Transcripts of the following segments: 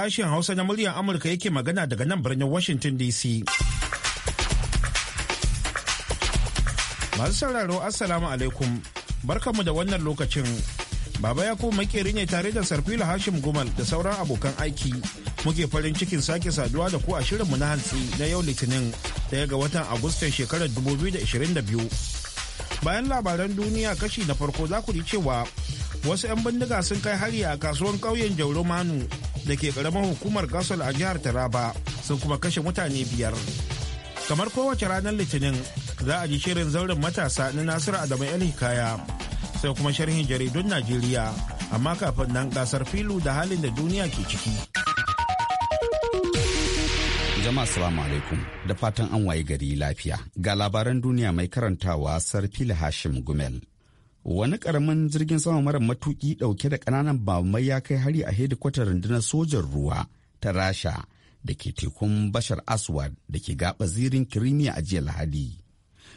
sashen Hausa na muryar Amurka yake magana daga nan birnin Washington DC. Masu sauraro Assalamu alaikum. Barkamu da wannan lokacin. Baba ya kuma makeri ne tare da Sarfila Hashim Gumal da sauran abokan aiki. Muke farin cikin sake saduwa da ku a shirinmu na hantsi na yau Litinin daya ga watan Agustan shekarar 2022. bayan labaran duniya kashi na farko za ku ji cewa wasu 'yan bindiga sun kai hari a kasuwan ƙauyen jauro manu da ke karamar hukumar gasol a jihar taraba sun kuma kashe mutane biyar kamar kowace ranar litinin za a ji shirin zauren matasa na nasiru adamu yan hikaya sai kuma sharhin jaridun najeriya amma kafin nan gasar filu da halin da duniya ke ciki jama'a salamu alaikum da fatan an waye gari lafiya ga labaran duniya mai karantawa sarfila hashim gumel wani karamin jirgin sama mara matuki dauke da kananan bamai ya kai hari a hedikwatar rundunar sojan ruwa ta rasha da ke tekun bashar aswad da ke gaba zirin kirimiya a jiya lahadi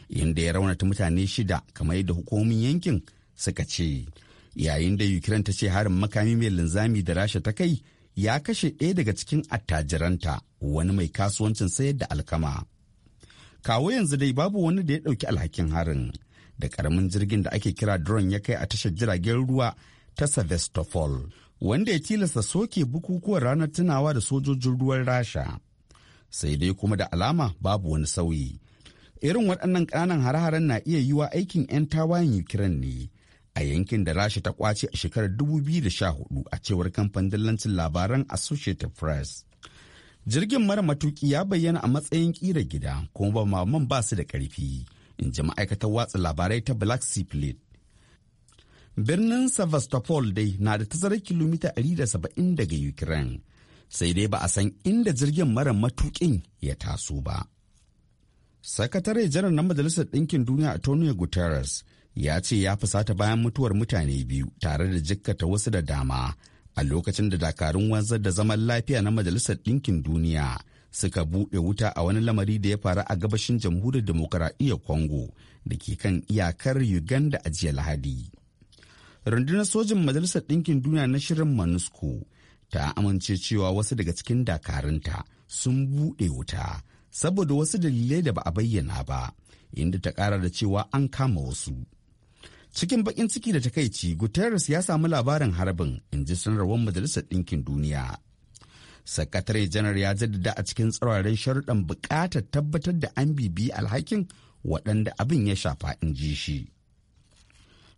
inda ya raunata mutane shida kamar yadda hukumomin yankin suka ce yayin da ukraine ta ce harin makami mai linzami da rasha ta kai ya kashe ɗaya daga cikin attajiranta wani mai kasuwancin sayar da alkama kawo yanzu dai babu wani da ya ɗauki alhakin harin da karamin jirgin da ake kira drone ya kai a tashar jiragen ruwa ta Sevastopol, wanda ya tilasta soke bukukuwan ranar tunawa da sojojin ruwan Rasha. Sai dai kuma da alama babu wani sauyi. Irin waɗannan ƙananan hare-haren na iya yiwa aikin 'yan tawayen Ukraine ne a yankin da Rasha ta kwace a shekarar 2014 a cewar kamfanin dillancin labaran Associated Press. Jirgin mara matuki ya bayyana a matsayin ƙira gida kuma ba ba su da ƙarfi. in ji ma'aikatar watsa labarai ta black sea fleet birnin sevastopol dai na da tazarar kilomita 170 daga ukraine sai dai ba a san inda jirgin mara matukin ya taso ba sakatare janar na majalisar ɗinkin duniya a Tony guterres ya ce ya fusata bayan mutuwar mutane biyu tare da jikkata wasu da dama a lokacin da dakarun wanzar da zaman lafiya na majalisar ɗinkin duniya suka buɗe wuta a wani lamari da ya faru a gabashin jamhuriyar demokaradiyyar congo da ke kan iyakar uganda a jiya lahadi rundunar sojin majalisar ɗinkin duniya na shirin manusco ta amince cewa wasu daga cikin dakarunta sun buɗe wuta saboda wasu dalilai da ba a bayyana ba inda ta ƙara da cewa an kama wasu cikin baƙin ciki da takaici guterres ya samu labarin harbin in ji sanarwar majalisar ɗinkin duniya sakatare janar ya jaddada a cikin tsirarren sharuɗan buƙatar tabbatar da an bibi alhakin waɗanda abin ya shafa in ji shi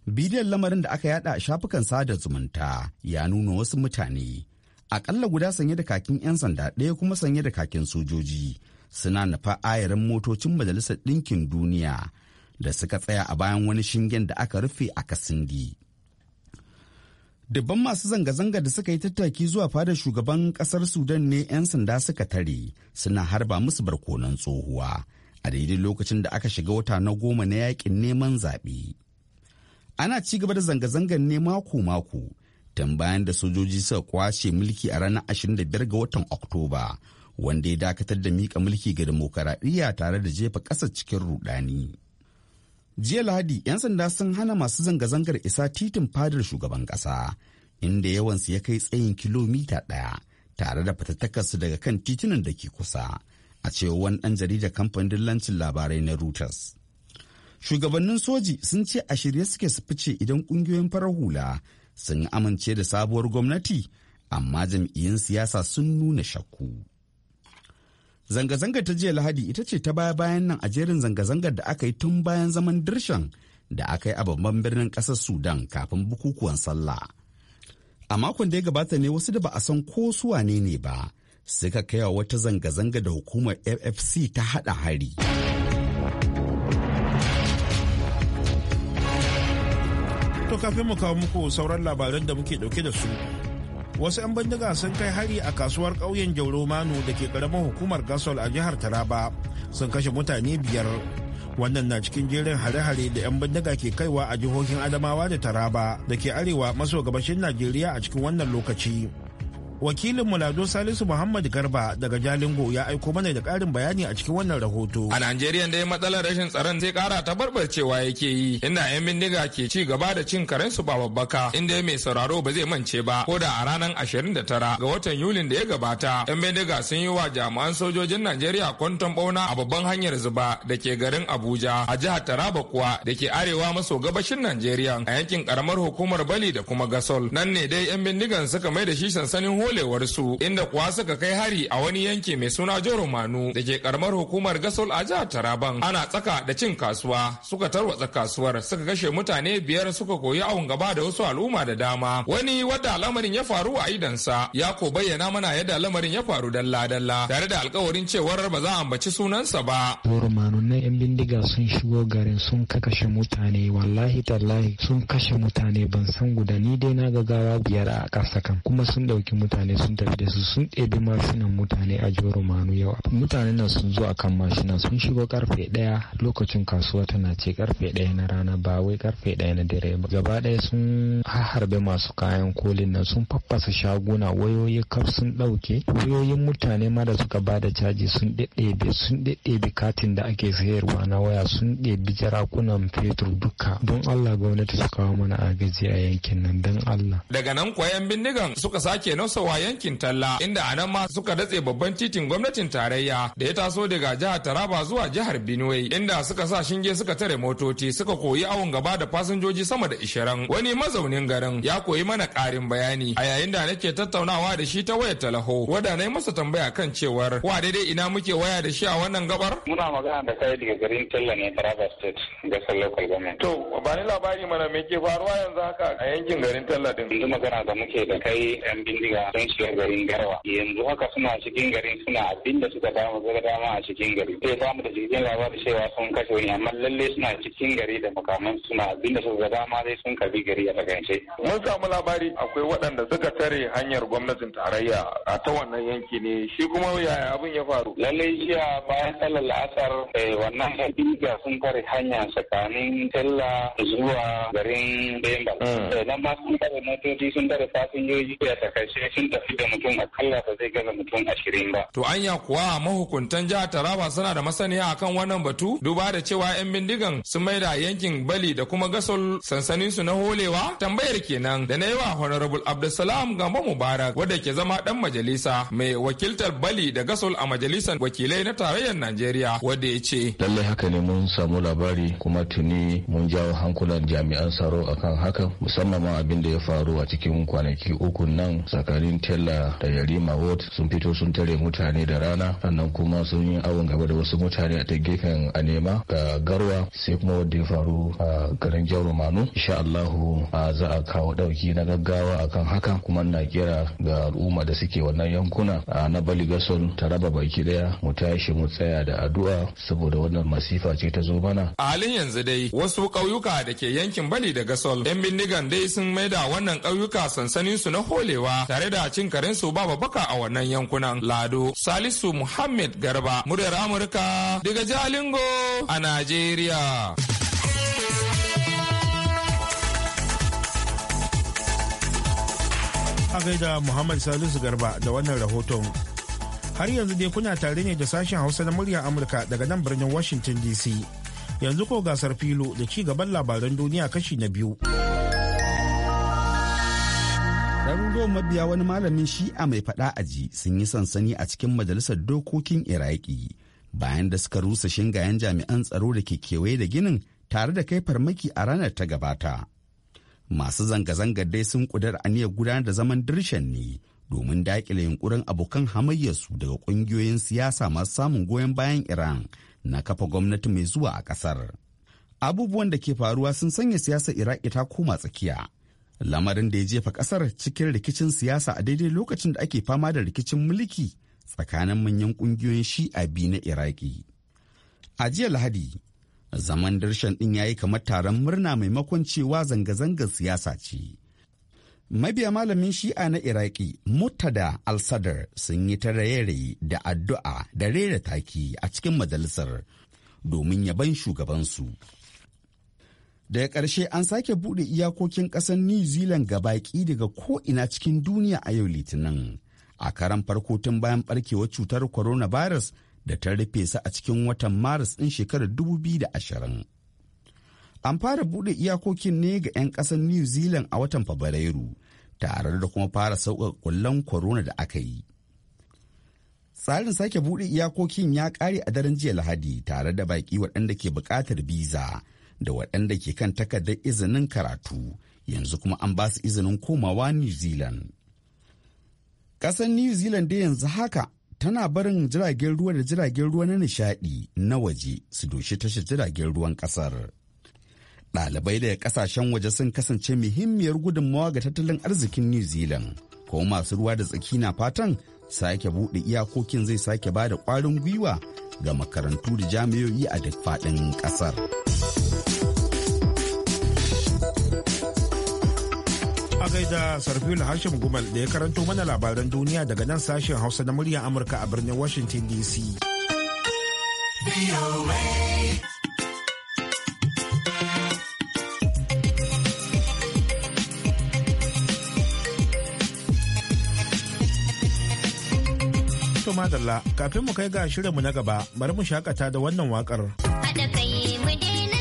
bidiyon lamarin da aka yada a shafukan sada zumunta ya nuna wasu mutane akalla guda sanye da kakin 'yan sanda ɗaya kuma sanye da kakin sojoji suna nufa ayarin motocin majalisar ɗinkin duniya da suka tsaya a bayan wani shingen da aka rufe a kasindi Dubban masu zanga-zanga da suka yi tattaki zuwa fadar shugaban kasar Sudan ne 'yan sanda suka tare suna harba musu barkonon tsohuwa a daidai lokacin da aka shiga wata na goma na yakin neman zaɓe. Ana ci gaba da zanga-zangar ne mako-mako tun bayan da sojoji suka kwace mulki a ranar 25 ga watan Oktoba wanda ya dakatar da mika mulki ga demokaradiyya tare da jefa ƙasa cikin rudani. jiya lahadi 'yan sanda sun hana masu zanga-zangar isa titin fadar shugaban ƙasa inda yawansu ya kai tsayin kilomita ɗaya tare da fatattakarsu daga kan titunan da ke kusa a cewa wani ɗan jarida kamfanin dillancin labarai na reuters shugabannin soji sun ce a shirye suke su fice idan ƙungiyoyin farar hula sun amince da sabuwar gwamnati amma jam'iyyun siyasa sun nuna shakku. zanga zanga ta jiya Lahadi ita ce ta baya-bayan nan a jerin zanga-zangar da aka yi tun bayan zaman dirshan da aka yi a babban birnin ƙasar Sudan kafin bukukuwan sallah. A makon da ya gabata ne wasu da ba a san ko su wane ne ba suka kaiwa wata zanga-zanga da hukumar FFC ta haɗa hari. To kafin mu kawo muku sauran labaran da muke ɗauke da su wasu 'yan bindiga sun kai hari a kasuwar ƙauyen Manu da ke ƙaramin hukumar gasol a jihar taraba sun kashe mutane biyar wannan na cikin jerin hare-hare da 'yan bindiga ke kaiwa a jihohin adamawa da taraba da ke arewa maso gabashin najeriya a cikin wannan lokaci wakilin mulado salisu muhammad garba daga jalingo ya aiko mana da karin bayani a cikin wannan rahoto a najeriya dai matsalar rashin tsaron sai kara ta barbarcewa yake yi inda yan bindiga ke ci gaba da cin karen su ba babbaka inda mai sauraro ba zai mance ba ko da a ranar ashirin da tara ga watan yulin da ya gabata yan bindiga sun yi wa jami'an sojojin najeriya kwanton bauna a babban hanyar zuba da ke garin abuja a jihar taraba kuwa da ke arewa maso gabashin najeriya a yankin karamar hukumar bali da kuma gasol nan ne dai yan bindigan suka mai da shi sansanin holi su inda kuwa suka kai hari a wani yanki mai suna Joro da ke karamar hukumar Gasol a jihar Taraban. Ana tsaka da cin kasuwa suka tarwatsa kasuwar suka kashe mutane biyar suka koyi awon gaba da wasu al'umma da dama. Wani wadda lamarin ya faru a idansa ya ko bayyana mana yadda lamarin ya faru dalla-dalla tare da alkawarin cewar ba za a ambaci sunansa ba. Joro Manu na 'yan bindiga sun shigo garin sun kakashe mutane wallahi tallahi sun kashe mutane ban san guda ni dai na gagawa biyar a ƙasa kan kuma sun ɗauki mutane. mutane sun tafi da su sun ɗebi mashinan mutane a jihar manu yau mutanen nan sun zo akan mashina sun shigo karfe ɗaya lokacin kasuwa tana ce karfe ɗaya na rana ba wai karfe ɗaya na dare ba gaba ɗaya sun harbe masu kayan kolin nan sun faffasa shaguna wayoyi kaf sun ɗauke wayoyin mutane ma da suka ba da caji sun ɗeɗɗebe sun ɗeɗɗebe katin da ake sayarwa na waya sun ɗebi jarakunan fetur duka don Allah gwamnati su kawo mana agaji a yankin nan don Allah. Daga nan kwayan bindigan suka sake nausa kaiwa yankin talla inda a nan ma suka datse babban titin gwamnatin tarayya da ya taso daga jihar taraba zuwa jihar benue inda suka sa shinge suka tare motoci suka koyi awon gaba da fasinjoji sama da ishirin wani mazaunin garin ya koyi mana karin bayani a yayin da nake tattaunawa da shi ta wayar talaho wada na yi masa tambaya kan cewar wa daidai ina muke waya da shi a wannan gabar muna magana da kai daga garin talla ne taraba state gasar local government to ba ni labari mana me ke faruwa yanzu haka a yankin garin talla din yanzu magana da muke da kai yan bindiga sun a garin garwa yanzu haka suna cikin garin suna abin da suka samu suka dama a cikin gari sai ba mu da cikin labarin cewa sun kashe wani amma lalle suna cikin gari da makaman suna abin da suka dama sai sun kabi gari a takaice. mun samu labari akwai waɗanda suka tare hanyar gwamnatin tarayya a ta wannan yanki ne shi kuma yaya abin ya faru. lalle jiya bayan sallar la'asar eh, wannan hadiga sun tare hanya tsakanin tella zuwa garin bemba. Hmm. Eh, nan ma sun tare motoci sun tare fasinjoji a takaice sun tafi da mutum akalla ba zai gaza mutum ashirin ba. To anya kuwa mahukuntan jihar Taraba suna da masaniya akan wannan batu duba da cewa 'yan bindigan sun maida yankin Bali da kuma Gasol sansanin su na holewa tambayar kenan da na yi wa Honorable Abdulsalam Gambo Mubarak wadda ke zama dan majalisa mai wakiltar Bali da Gasol a majalisar wakilai na tarayyar Najeriya wadda ya ce. Lallai haka ne mun samu labari kuma tuni mun jawo hankulan jami'an tsaro akan haka musamman ma abin da ya faru a cikin kwanaki uku nan tsakanin sarkin tela da yarima ward sun fito sun tare mutane da rana sannan kuma sun yi awon gaba da wasu mutane a ta gefen anema ga garwa sai kuma wanda ya faru a garin jaro manu insha allahu a za a kawo dauki na gaggawa akan haka kuma na kira ga al'umma da suke wannan yankuna a na baligason ta raba baki daya mu tashi mu tsaya da addu'a saboda wannan masifa ce ta zo mana a halin yanzu dai wasu ƙauyuka da ke yankin bali da gasol yan bindigan dai sun maida wannan ƙauyuka sansanin su na holewa tare da A cin karensu ba baka a wannan yankunan lado salisu muhammad garba muryar amurka daga jalingo a najeriya a gaida muhammad salisu garba da wannan rahoton har yanzu dai kuna tare ne da sashen hausa na muryar amurka daga nan birnin washington dc yanzu ko gasar filo da ci gaban labaran duniya kashi na biyu. Ɗaruruwan mabiya wani malamin shi'a mai faɗa aji sun yi sansani a cikin majalisar dokokin Iraki bayan da suka rusa shingayen jami'an tsaro da ke kewaye da ginin tare da kai farmaki a ranar ta gabata. Masu zanga-zangar dai sun kudar aniyar gudanar da zaman dirshan ne domin daƙile yunkurin abokan hamayyarsu daga ƙungiyoyin siyasa masu samun goyon bayan Iran na kafa gwamnati mai zuwa a ƙasar. Abubuwan da ke faruwa sun sanya siyasar Iraki ta koma tsakiya. lamarin da ya jefa kasar cikin rikicin siyasa a daidai lokacin da ake fama da rikicin mulki tsakanin manyan kungiyoyin shi'a biyu na iraki a jiya lahadi zaman darshan din yayi kamar taron murna maimakon cewa zanga-zangar siyasa ce mabiya malamin shi'a na iraki murtada al-sadar sun yi ta raye-raye da addu'a da rera taki a cikin majalisar domin yaban shugabansu. daga ƙarshe an sake buɗe iyakokin ƙasar new zealand ga baƙi daga ko'ina cikin duniya a yau litinin a karan farko tun bayan ɓarkewar cutar coronavirus da ta rufe su a cikin watan maris ɗin shekarar 2020 an fara buɗe iyakokin ne ga 'yan ƙasar new zealand a watan fabrairu tare da kuma fara sauƙaƙa kullen corona da aka yi tsarin sake buɗe iyakokin ya ƙare a daren jiya lahadi tare da baƙi waɗanda ke buƙatar biza da waɗanda ke kan takardar izinin karatu yanzu kuma an ba su izinin komawa New Zealand. Ƙasar New Zealand dai yanzu haka tana barin jiragen ruwa da jiragen ruwa na nishaɗi na waje su doshi tashi jiragen ruwan ƙasar. Ɗalibai daga ƙasashen waje sun kasance muhimmiyar gudunmawa ga tattalin arzikin New Zealand, kuma masu ruwa da tsaki na fatan sake buɗe iyakokin zai sake ba da ƙwarin gwiwa ga makarantu da jami'o'i a duk faɗin ƙasar. A gaida na Hashim Gumal da ya karanto mana labaran duniya daga nan sashen Hausa na muryar Amurka a birnin Washington DC. madalla kafin mu kai ga shirinmu na gaba bari mu shakata da wannan wakar. Haɗa kai mu daina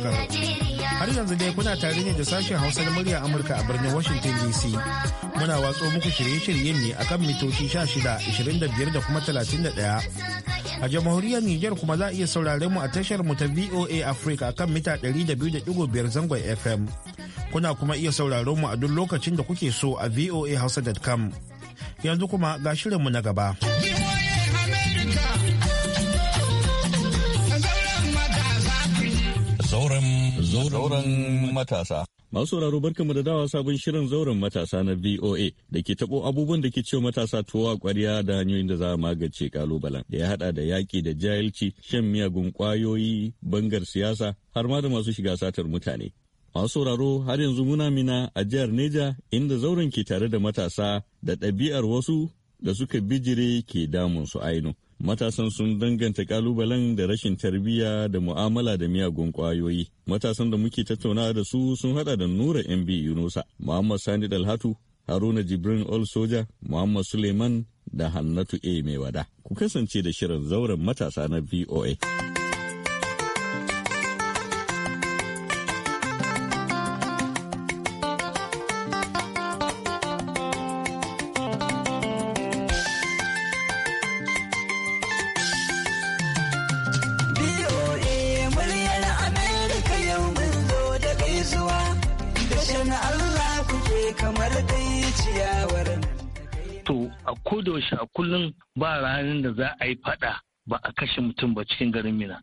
waƙar. Har yanzu dai kuna tare ne da sashen Hausa na murya Amurka a birnin Washington DC. Muna watso muku shirye-shiryen ne akan mitoci 16, 25 da kuma 31. a jamhuriyar Nijar kuma za a iya saurare mu a tashar mu ta VOA Africa akan mita 200.5 zangon FM. Kuna kuma iya saurare mu a duk lokacin da kuke so a VOA voahausa.com. Yanzu kuma ga shirinmu na gaba. Zauren matasa. Masu sauraro barkanmu da dawa sabon shirin zauren matasa na VOA da ke tabo abubuwan da ke cewa matasa tuwa kwariya da hanyoyin da za a magance kalubalen da ya hada da yaki da jahilci, shan miyagun kwayoyi, bangar siyasa har ma da masu shiga satar mutane. Masu sauraro har yanzu muna mina a jihar Neja inda zauren ke tare da matasa da ɗabi'ar wasu da suka bijire ke damun su ainu. matasan sun danganta kalubalen da rashin tarbiyya da mu'amala da miyagun kwayoyi matasan da muke tattaunawa da su sun hada da nura mb yunusa muhammad sani dalhatu haruna jibrin ol soja muhammad suleiman da hannatu a mai wada ku kasance da shirin zauren matasa na voa kamar dai ciyawar to a kodayaushe a kullum ba ranar da za a yi fada ba a kashe mutum ba cikin garin mina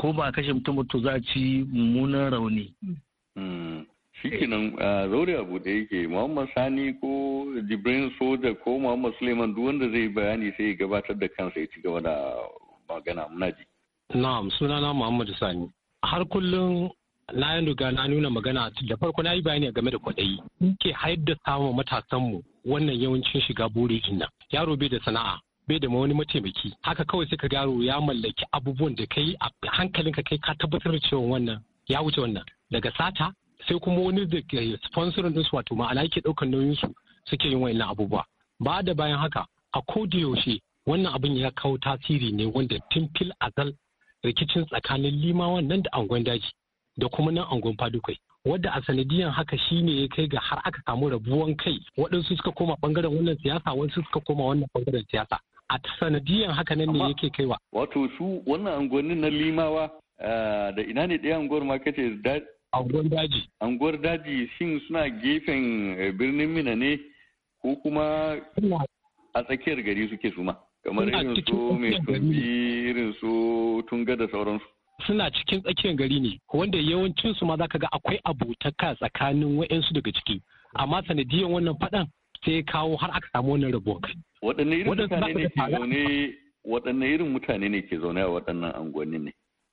ko ba a kashe mutum ba to za a ci mummunan rauni hmm. shi kenan zaure abu da yake muhammad sani ko jibrin soja ko muhammad suleiman duk wanda zai bayani sai ya gabatar da kansa ya ci gaba da magana muna ji na'am sunana muhammad sani har kullum na riga na nuna magana da farko na yi bayani game da kwaɗayi ke haddasa wa matasanmu wannan yawancin shiga burin nan yaro bai da sana'a bai da wani mataimaki haka kawai sai ka yaro ya mallaki abubuwan da kai a hankalinka kai ka tabbatar da cewa wannan ya wuce wannan daga sata sai kuma wani da ke sponsorin din su wato ma'ana yake ɗaukar nauyin su suke yin wa'annan abubuwa ba da bayan haka a da yaushe wannan abin ya kawo tasiri ne wanda tun fil azal rikicin tsakanin limawan nan da angon daji da kuma nan angon fadukai wadda a sanadiyan haka shine ya kai ga har aka samu rabuwan kai waɗansu suka koma bangaren wannan siyasa wasu suka koma wannan bangaren siyasa a sanadiyan haka nan ne yake kaiwa wato su wannan angonin na limawa eh, da ina ne ɗaya anguwar ma kace anguwar daji anguwar daji shin suna gefen eh, birnin mina ne ko kuma a tsakiyar gari suke suma kamar irin su mai irin su tunga da sauransu suna cikin tsakiyar gari ne wanda yawancinsu ma zaka ga akwai abotaka tsakanin wa'yansu daga ciki amma sanadiyar wannan faɗan sai kawo har aka samu wannan rabuwar kai. Waɗanne irin mutane ne ke zaune waɗanne irin mutane ne ke zaune a waɗannan unguwanni ne?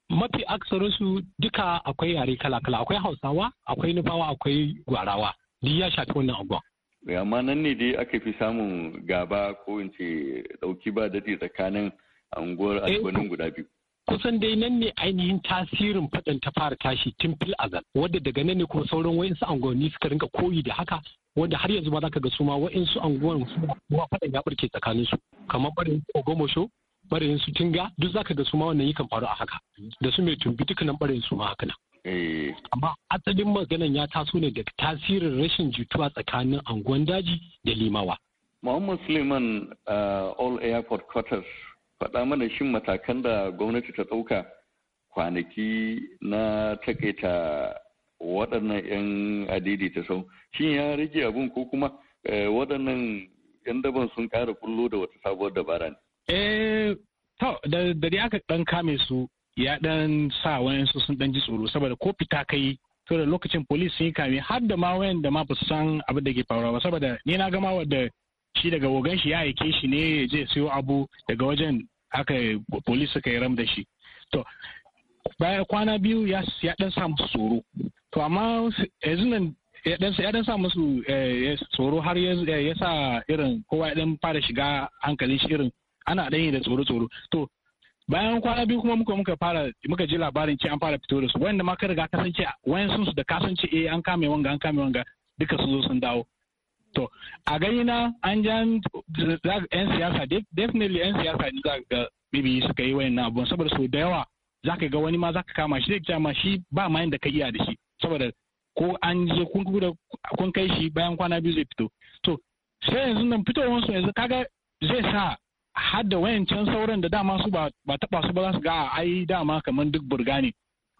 Mafi aksarinsu duka akwai yare kala-kala akwai Hausawa akwai Nufawa akwai Gwarawa duk ya shafi wannan unguwa. Eh, amma nan ne dai aka fi samun gaba ko in ce dauki ba daɗi tsakanin unguwar eh, unguwannin guda biyu. kusan dai nan ne ainihin tasirin faɗan ta fara tashi tun fil azal wadda daga nan ne kuma sauran wa'insu anguwanni suka rinka koyi da haka wanda har yanzu ba za ka ga su ma wa'insu anguwan kuma faɗan ya barke tsakanin su kamar barin ogomosho barin su tinga duk za ka ga su ma wannan yakan faru a haka da su mai tumbi duka nan barin su ma haka nan. Eh. amma asalin maganan ya taso ne daga tasirin rashin jituwa tsakanin anguwan daji da limawa. Muhammad Suleiman uh, All Airport Quarters faɗa mana shin matakan da gwamnati ta ɗauka kwanaki na takaita waɗannan 'yan adidi ta sau shin ya rage abun ko kuma eh, waɗannan 'yan daban sun ƙara kullo da wata sabuwar dabara ne. Eh, da dai aka ɗan kame su ya ɗan sa wayansu sun ɗan ji tsoro saboda ko fita kai to da lokacin polis sun yi kame har da ma wayan da ma ba su san abin da ke faruwa ba saboda ni na gama wadda shi daga wogan shi ya aike shi ne ya je siyo abu daga wajen aka polis suka yi ram da shi to baya kwana biyu ya dan samu tsoro to amma yanzu nan ya dan sa musu eh, tsoro har ya sa irin kowa ya dan fara shiga hankalin shi irin ana dan yi da tsoro tsoro to bayan kwana biyu kuma muka muka fara muka ji labarin ce an fara fito da su wanda ma ka riga kasance wayan sun su da kasance eh an kame wanga an kame wanga duka su zo sun dawo to a gani na an jan yan siyasa definitely yan siyasa ne za ga bibi suka yi wayan abun saboda da yawa za ka ga wani ma za ka kama shi zai ma shi ba ma da ka iya da shi saboda ko an je kun kai shi bayan kwana biyu zai fito to sai yanzu nan fitowar su yanzu kaga zai sa har da wayancan sauran da dama su ba taba su ba za su ga ai dama kamar duk burga ne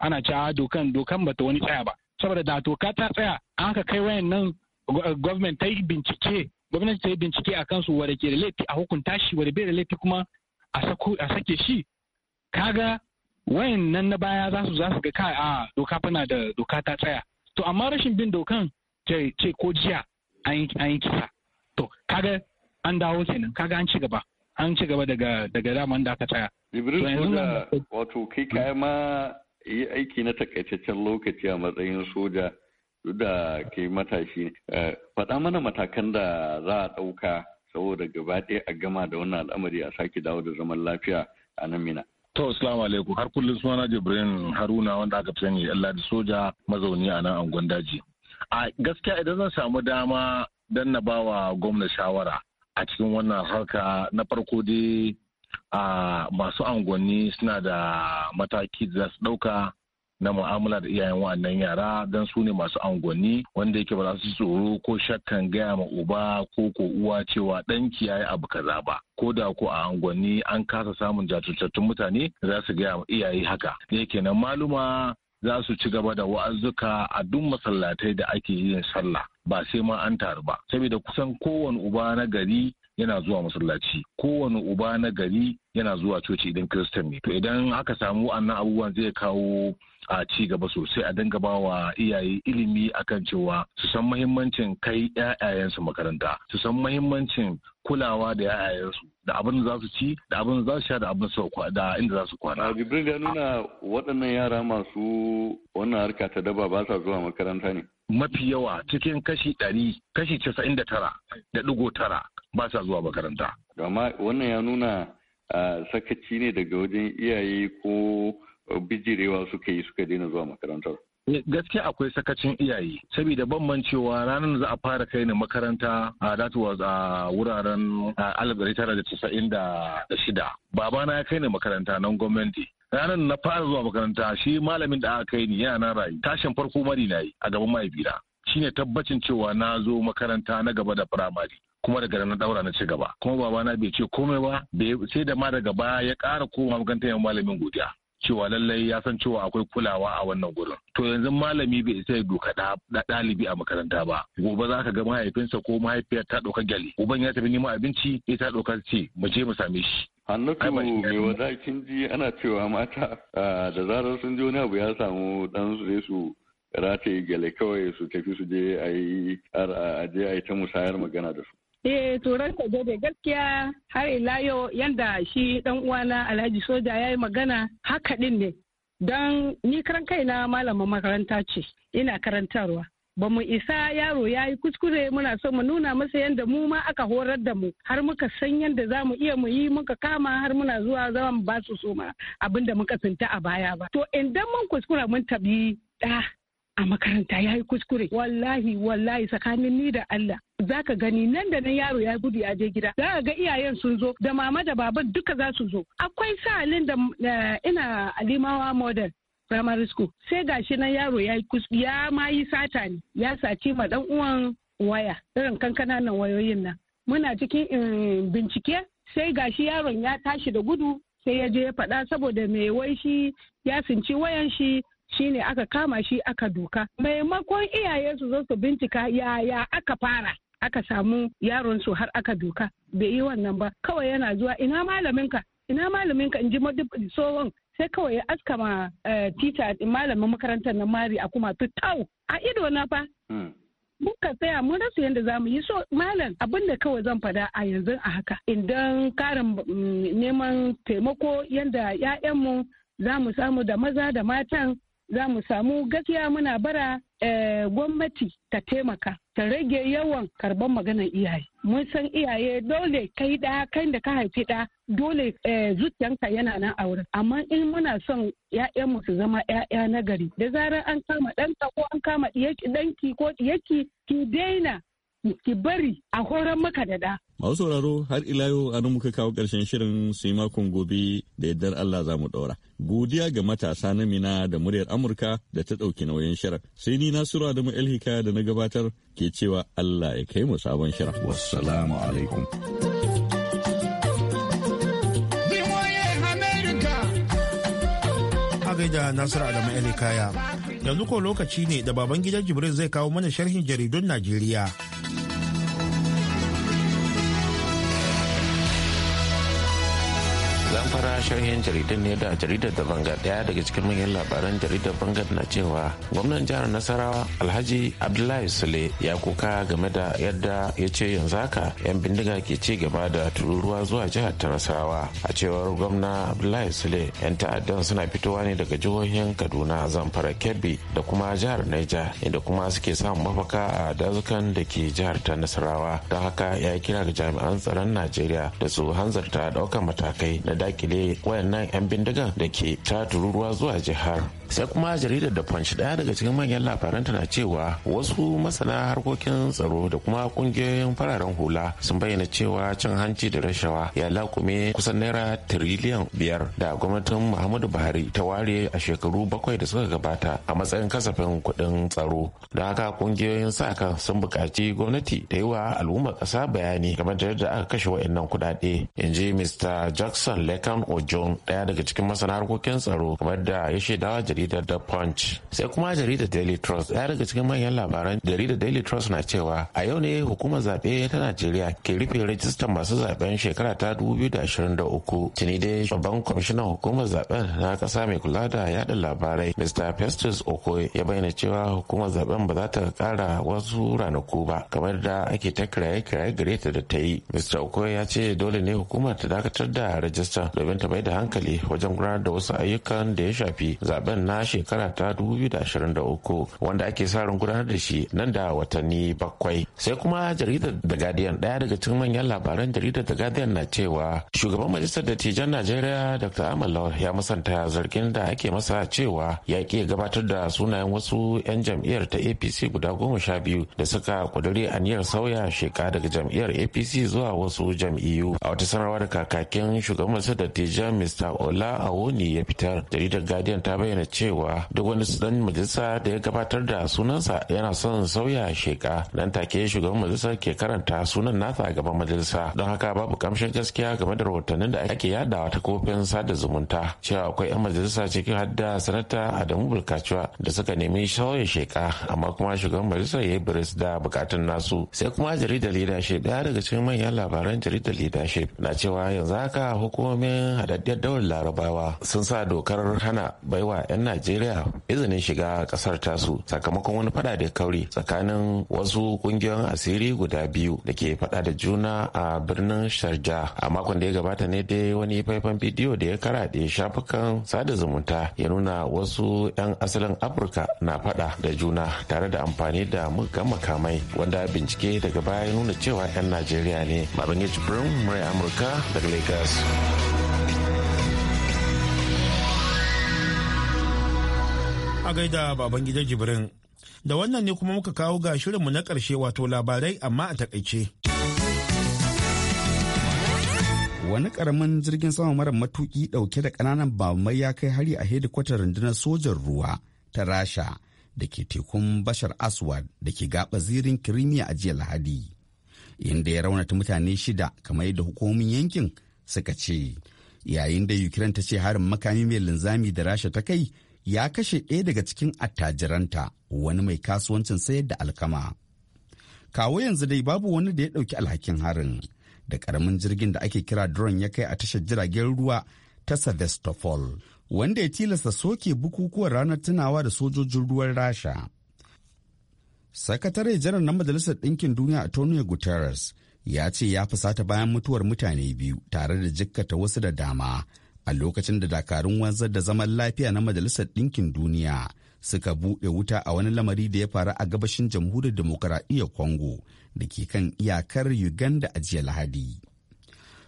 ana cewa dokan dokan bata wani tsaya ba saboda da toka ta tsaya an ka kai wayan nan Eh, government ta yi bincike gwamnati ta yi bincike a kansu wadda ke laifi a hukunta shi wadda bai da laifi kuma a sake shi kaga nan na baya za su ga ka a doka fana da doka ta tsaya to amma rashin bin dokan ce ko jiya an yi kisa to kaga an dawo kenan kaga an ci gaba an ci gaba daga daga daman da aka tsaya wato kai kai ma yi aiki na takaitaccen lokaci a matsayin soja da ke matashi eh, faɗa mana matakan da za a ɗauka saboda gaba ɗaya a gama da wannan al'amari a sake dawo da zaman lafiya a nan mina. To, Asalamu alaikum. Har kullum suna Jibrin Haruna wanda aka sani Allah da soja mazauni a nan angon daji. A gaskiya idan zan samu dama don na ba wa gwamna shawara a cikin wannan harka na farko dai a masu angonni suna da mataki da su ɗauka na mu'amala da iyayen wa'annan yara don su ne masu angonni wanda yake ba za su tsoro ko shakkan gaya ma uba ko ko uwa cewa ɗanki ya yi abu kaza ba ko da ko a angonni an kasa samun jajirtattun mutane za su gaya ma iyaye haka da kenan maluma za su ci gaba da wa'azuka a duk masallatai da ake yin sallah ba sai ma an taru ba saboda kusan kowane uba na gari yana zuwa masallaci kowane uba na gari yana zuwa coci idan kristan ne to idan aka samu wannan abubuwan zai kawo a ci gaba sosai a dinga ba wa iyaye ilimi akan cewa su san mahimmancin kai 'ya'yayensu makaranta su san mahimmancin kulawa da yayayensu da abin da za su ci da abin da za su sha da abin da inda za su kwana. Jibril ya nuna waɗannan yara masu wannan harka ta daba ba sa zuwa makaranta ne. Mafi yawa cikin kashi ɗari kashi casa'in da tara da ɗigo tara ba sa zuwa makaranta. Amma wannan ya nuna sakaci ne daga wajen iyaye ko Eh, bijirewa suke yi suka daina zuwa makarantar. Eh, gaskiya akwai sakacin iyaye saboda banbancewa cewa ranar za a fara kai ni makaranta a ah, datuwa a ah, wuraren shida. baba na da casa'in da babana ya kai ni makaranta nan gwamnati ranar na fara zuwa makaranta shi malamin da aka kai ni yana na rayu tashin farko mari na yi a gaban mahaifina shine tabbacin cewa na zo makaranta na gaba da firamare kuma daga na daura na ci gaba kuma babana bai ce komai ba sai da ma daga baya ya ƙara koma makaranta yan malamin godiya cewa lallai ya san cewa akwai kulawa a wannan gurin to yanzu malami bai isa ya doka ɗalibi a makaranta ba gobe za ka ga mahaifinsa ko mahaifiyar ta ɗauka gyale uban ya tafi neman abinci ya ta ɗaukar ce mu je mu same shi hannatu mai kin ji ana cewa mata da zarar sun je wani abu ya samu dan su su rataye gyale kawai su tafi su je a yi ta musayar magana da su Eh turan ka da gaskiya har ila yau yanda shi dan uwana Alhaji Soja yayi magana haka din ne. Dan ni karan kaina malamin makaranta ce ina karantarwa. Ba mu isa yaro ya yi kuskure muna so mu nuna masa yadda mu ma aka horar da mu har muka san yadda za mu iya mu yi muka kama har muna zuwa zaman mu ba su soma abin da muka tsinta a baya ba. To idan mun kuskura mun tabi ɗa a makaranta ya yi kuskure wallahi wallahi tsakanin ni da Allah za ka gani nan da nan yaro ya gudu ya je gida za ka ga iyayen sun zo da mama da baba duka za su zo akwai sa'alin da eh, ina alimawa model primary school sai gashi nan yaro ya yi kuskure, ya ma yi sata ne ya saci ma dan uwan waya irin kankana nan wayoyin nan muna cikin eh, bincike sai gashi yaron ya tashi da gudu sai ya je ya faɗa saboda mai wai shi ya sunci wayan shi shine aka kama shi aka doka maimakon iyaye su zo su bincika yaya aka fara aka samu yaron su har aka doka bai yi wannan ba kawai yana zuwa ina malaminka ina malaminka in ji tsohon sai kawai ya aska ma eh, tita malamin makarantar na mari a kuma tau a ido na fa hmm. muka tsaya mun rasu yadda za mu yi so malam abin da kawai zan fada a yanzu a haka idan karin mm, neman taimako yadda 'ya'yanmu za mu samu da maza da matan za mu samu gaskiya muna bara eh, gwamnati ta taimaka ta rage yawan karban maganar iyaye mun san iyaye dole kai da kai da ka haifi da dole eh, zuciyanka yana nan a wurin amma in muna son 'ya'yanmu su zama yaya na gari da zarar an kama ɗanka ko an kama ɗanki ko ɗiyaki ki daina ki bari a horon maka da ɗa Masu sauraro har ila yau a muka kawo ƙarshen shirin yi makon gobe da yardar Allah za mu ɗaura. Godiya ga matasa na Mina da muryar Amurka da ta ɗauki nauyin shirin. Sai ni Nasiru Adamu Elhika da na gabatar ke cewa Allah ya kai mu sabon shirin. Wassalamu alaikum. gaida Nasiru Adamu Elikaya. Yanzu ko lokaci ne da baban gidan Jibril zai kawo mana sharhin jaridun Najeriya. zan fara sharhin jaridar ne da jaridar da banga daya daga cikin manyan labaran jaridar banga na cewa gwamnan jihar nasarawa alhaji abdullahi sule ya kuka game da yadda ya ce yanzu haka yan bindiga ke ci gaba da tururuwa zuwa jihar ta nasarawa a cewar gwamna abdullahi sule yan ta'addan suna fitowa ne daga jihohin kaduna zamfara kebbi da kuma jihar naija inda kuma suke samun mafaka a dazukan da ke jihar ta nasarawa don haka ya kira ga jami'an tsaron najeriya da su hanzarta daukan matakai na dakile wayannan 'yan bindigan da ke ta tururuwa zuwa jihar sai kuma jaridar da punch daya daga cikin manyan labaran tana cewa wasu masana harkokin tsaro da kuma kungiyoyin fararen hula sun bayyana cewa cin hanci da rashawa ya lakume kusan naira tiriliyan biyar da gwamnatin muhammadu buhari ta ware a shekaru bakwai da suka gabata a matsayin kasafin kuɗin tsaro don haka kungiyoyin sa kan sun buƙaci gwamnati da yi wa al'ummar ƙasa bayani game da yadda aka kashe wa'annan kuɗaɗe in ji mr jackson lekan ojon ɗaya daga cikin masana harkokin tsaro kamar da ya shaidawa jaridar jaridar The Punch. Sai kuma jaridar Daily Trust ya daga cikin manyan labaran jaridar Daily Trust na cewa a yau ne hukumar zaɓe ta Najeriya ke rufe rajistar masu zaɓen shekara ta 2023. Tuni dai babban kwamishinan hukumar zaɓen na kasa mai kula da yaɗa labarai Mr. Festus Okoye ya bayyana cewa hukumar zaɓen ba za ta kara wasu ranaku ba kamar da ake ta kiraye-kiraye gare ta da ta yi. Mr. Okoye ya ce dole ne hukumar ta dakatar da rajistar domin ta bai da hankali wajen gudanar da wasu ayyukan da ya shafi zaɓen na shekara ta 2023 wanda ake sa ran gudanar da shi nan da watanni bakwai sai kuma jaridar da guardian daya daga cikin manyan labaran jaridar da guardian na cewa shugaban majalisar dattijan najeriya dr amal ya musanta zargin da ake masa cewa ya ke gabatar da sunayen wasu 'yan jam'iyyar ta apc guda goma sha biyu da suka kuduri aniyar sauya sheka daga jam'iyyar apc zuwa wasu jam'iyyu a wata sanarwa da kakakin shugaban majalisar dattijan mr ola awoni ya fitar jaridar guardian ta bayyana cewa duk wani dan majalisa da ya gabatar da sunansa yana son sauya sheka nan take shugaban majalisa ke karanta sunan nasa a gaban majalisa don haka babu kamshin gaskiya game da rahotannin da ake yadawa ta kofin sada zumunta cewa akwai 'yan majalisa ciki har sanata adamu bulkacewa da suka nemi sauya sheka amma kuma shugaban majalisa ya yi biris da bukatun nasu sai kuma jaridar leadership daya daga cikin manyan labaran jaridar leadership na cewa yanzu haka hukumomin hadaddiyar daular larabawa sun sa dokar hana baiwa 'yan najeriya izinin shiga kasar tasu sakamakon wani fada da kauri tsakanin wasu kungiyoyin asiri guda biyu da ke fada da juna a birnin sharja a makon da ya gabata ne dai wani faifan bidiyo da ya kara da shafukan sada zumunta ya nuna wasu 'yan asalin afirka na fada da juna tare da amfani da muggan makamai wanda bincike daga baya ya nuna cewa 'yan najeriya ne babangiji Brown, murai amurka daga lagos A gaida Babangida Jibrin. Da wannan ne kuma muka kawo ga shirinmu na ƙarshe wato labarai amma a takaice. wani karamin jirgin sama mara matuki dauke da kananan bamai ya kai hari a hedikwatar rundunar sojan ruwa ta rasha da ke tekun bashar aswad da ke gaba zirin kirimiya a jiya lahadi inda ya raunata mutane shida kamar yadda hukumomin yankin suka ce yayin da ukraine ta ce harin makami mai linzami da rasha ta kai ya kashe ɗaya daga cikin attajiranta wani mai kasuwancin sayar da alkama. Kawo yanzu dai babu wani da ya ɗauki alhakin harin da ƙaramin jirgin da ake kira drone ya kai a tashar jiragen ruwa ta Sevastopol, wanda ya tilasta soke bukukuwan ranar tunawa da sojojin ruwan Rasha. Sakatare janar na Majalisar Ɗinkin Duniya a Antonio Guterres ya ce ya fusata bayan mutuwar mutane biyu tare da jikkata wasu da dama a lokacin da dakarun wanzar da zaman lafiya na majalisar ɗinkin duniya suka buɗe wuta a wani lamari da ya faru a gabashin jamhuriyar demokaradiyyar congo da ke kan iyakar uganda a jiya lahadi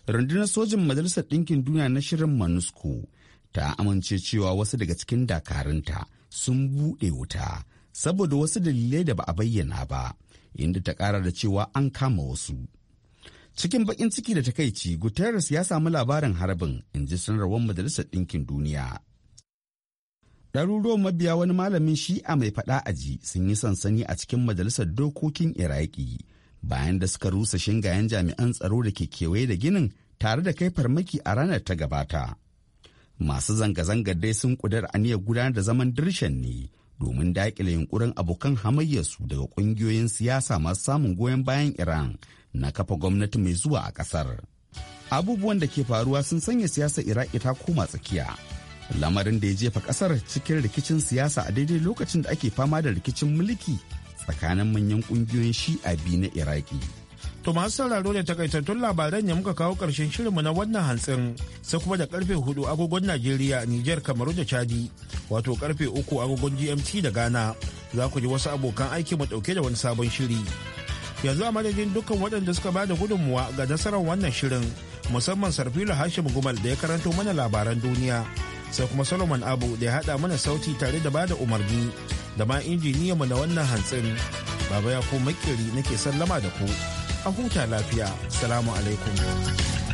rundunar sojin majalisar ɗinkin duniya na shirin manusco ta amince cewa wasu daga cikin dakarunta sun buɗe wuta saboda wasu dalilai da ba a bayyana ba inda ta ƙara da cewa an kama wasu cikin bakin ciki da takaici guterres ya samu labarin harbin in ji sanarwar majalisar ɗinkin duniya ɗaruruwan mabiya wani malamin shi'a mai faɗa aji sun yi sansani a cikin majalisar dokokin iraki bayan da suka rusa shingayen jami'an tsaro da ke kewaye da ginin tare da kai farmaki a ranar ta gabata masu zanga-zangar dai sun kudar aniyar gudanar da zaman dirshan ne domin daƙile yunƙurin abokan hamayyarsu daga ƙungiyoyin siyasa masu samun goyon bayan iran na kafa gwamnati mai zuwa a kasar abubuwan da ke faruwa sun sanya siyasa iraki ta koma tsakiya lamarin da ya jefa kasar cikin rikicin siyasa a daidai lokacin da ake fama da rikicin mulki tsakanin manyan kungiyoyin shi'a biyu na iraki to masu sauraro da takaitattun labaran ya muka kawo karshen shirinmu na wannan hantsin sai kuma da karfe hudu agogon najeriya nijar kamaru da chadi wato karfe uku agogon gmt da ghana za ku ji wasu abokan aiki mu dauke da wani sabon shiri yanzu a madadin dukkan waɗanda suka ba da gudunmuwa ga nasarar wannan shirin musamman sarfilo hashim gumal da ya karanto mana labaran duniya sai kuma solomon abu da ya haɗa mana sauti tare da bada umarni da ma injiniyanmu na wannan hantsin baba ya ko makeri nake sallama da ku a huta lafiya salamu alaikum